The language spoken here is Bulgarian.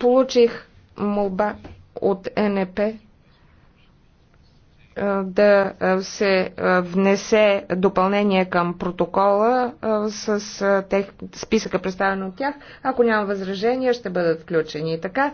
Получих молба от НП да се внесе допълнение към протокола с тех, списъка представен от тях. Ако няма възражения, ще бъдат включени. И така,